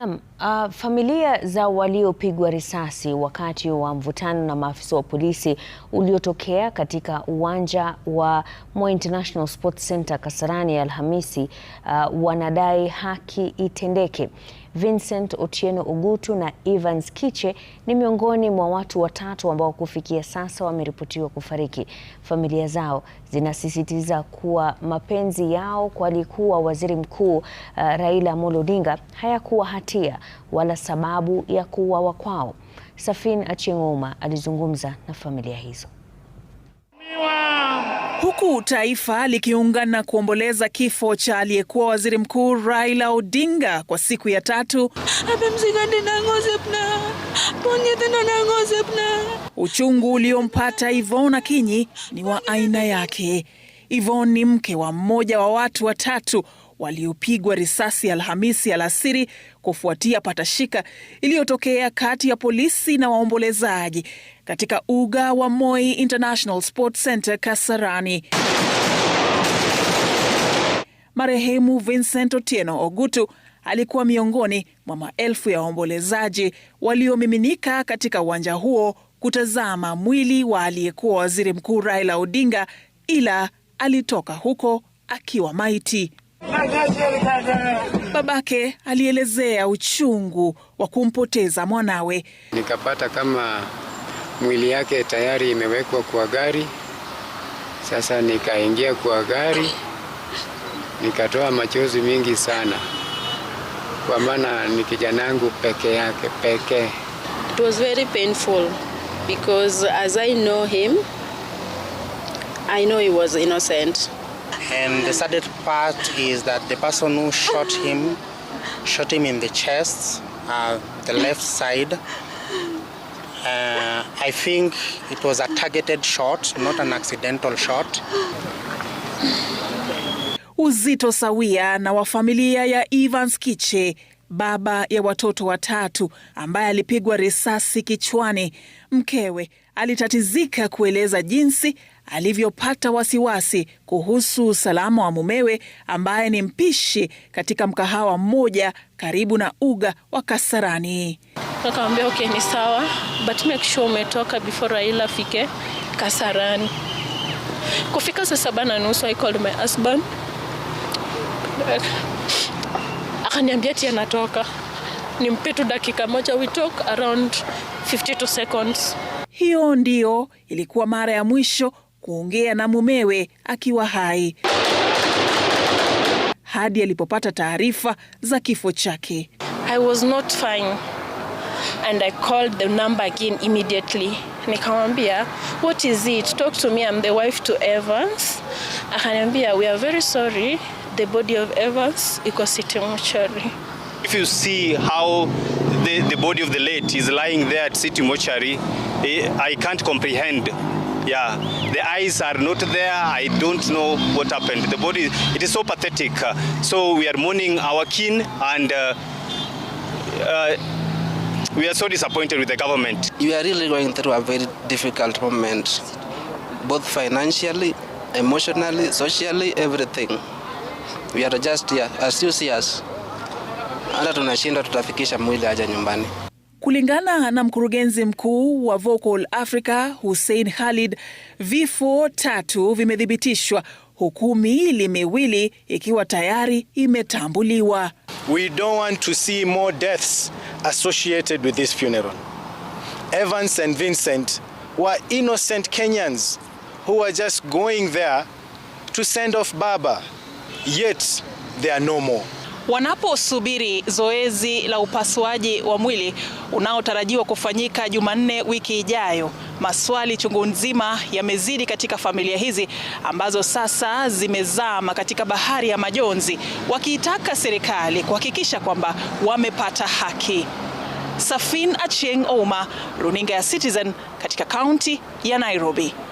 Uh, familia za waliopigwa risasi wakati wa mvutano na maafisa wa polisi uliotokea katika uwanja wa Moi International Sports Center Kasarani Alhamisi, uh, wanadai haki itendeke. Vincent Otieno ugutu na Evans Kiche ni miongoni mwa watu watatu ambao kufikia sasa wameripotiwa kufariki. Familia zao zinasisitiza kuwa mapenzi yao kwa aliyekuwa Waziri Mkuu uh, Raila Amolo Odinga hayakuwa hatia wala sababu ya kuuawa kwao. Safin Achieng' Ouma alizungumza na familia hizo. Huku taifa likiungana kuomboleza kifo cha aliyekuwa waziri mkuu Raila Odinga kwa siku ya tatu, uchungu uliompata Yvonne Akinyi ni wa aina yake. Yvonne ni mke wa mmoja wa watu watatu waliopigwa risasi Alhamisi alasiri kufuatia patashika iliyotokea kati ya polisi na waombolezaji katika uga wa Moi International Sports Center Kasarani. Marehemu Vincent Otieno Ogutu alikuwa miongoni mwa maelfu ya waombolezaji waliomiminika katika uwanja huo kutazama mwili wa aliyekuwa waziri mkuu Raila Odinga, ila alitoka huko akiwa maiti. Babake alielezea uchungu wa kumpoteza mwanawe. Nikapata kama mwili yake tayari imewekwa kwa gari. Sasa nikaingia kwa gari, nikatoa machozi mingi sana, kwa maana ni kijana yangu peke yake pekee. It was very painful because as I know him, I know he was innocent. And the saddest part is that the person who shot him shot him in the chest, uh, the left side. Uh, I think it was a targeted shot, not an accidental shot. Uzito sawia na wa familia ya Evans Kiche, baba ya watoto watatu ambaye alipigwa risasi kichwani. Mkewe alitatizika kueleza jinsi alivyopata wasiwasi kuhusu usalama wa mumewe ambaye ni mpishi katika mkahawa mmoja karibu na uga wa Kasarani. Akamwambia okay, ni sawa but make sure umetoka before Raila afike Kasarani. Kufika saa saba na nusu I called my husband akaniambia ti anatoka, nimpe tu dakika moja, we talk around 52 seconds. Hiyo ndiyo ilikuwa mara ya mwisho kuongea na mumewe akiwa hai hadi alipopata taarifa za kifo chake. I was not fine and I called the number again immediately. Nikamwambia, what is it? Talk to me, I'm the wife to Evans. Akaniambia, we are very sorry, the body of Evans iko city If you see how the, the body of the late is lying there at city eh, I can't comprehend Yeah, the eyes are not there. I don't know what happened. The body, it is so pathetic. uh, So we are mourning our kin and uh, uh, we are so disappointed with the government. we are really going through a very difficult moment, both financially, emotionally, socially, everything. We are just here, as you see us. Hata tunashindwa tutafikisha mwili aje nyumbani. Kulingana na mkurugenzi mkuu wa Vocal Africa Hussein Khalid, vifo tatu vimethibitishwa huku miili miwili ikiwa tayari imetambuliwa. We don't want to see more deaths associated with this funeral. Evans and Vincent were innocent Kenyans who were just going there to send off Baba, yet they are no more wanaposubiri zoezi la upasuaji wa mwili unaotarajiwa kufanyika Jumanne wiki ijayo. Maswali chungu nzima yamezidi katika familia hizi ambazo sasa zimezama katika bahari ya majonzi, wakiitaka serikali kuhakikisha kwamba wamepata haki. Safin Achieng' Ouma, runinga ya Citizen katika kaunti ya Nairobi.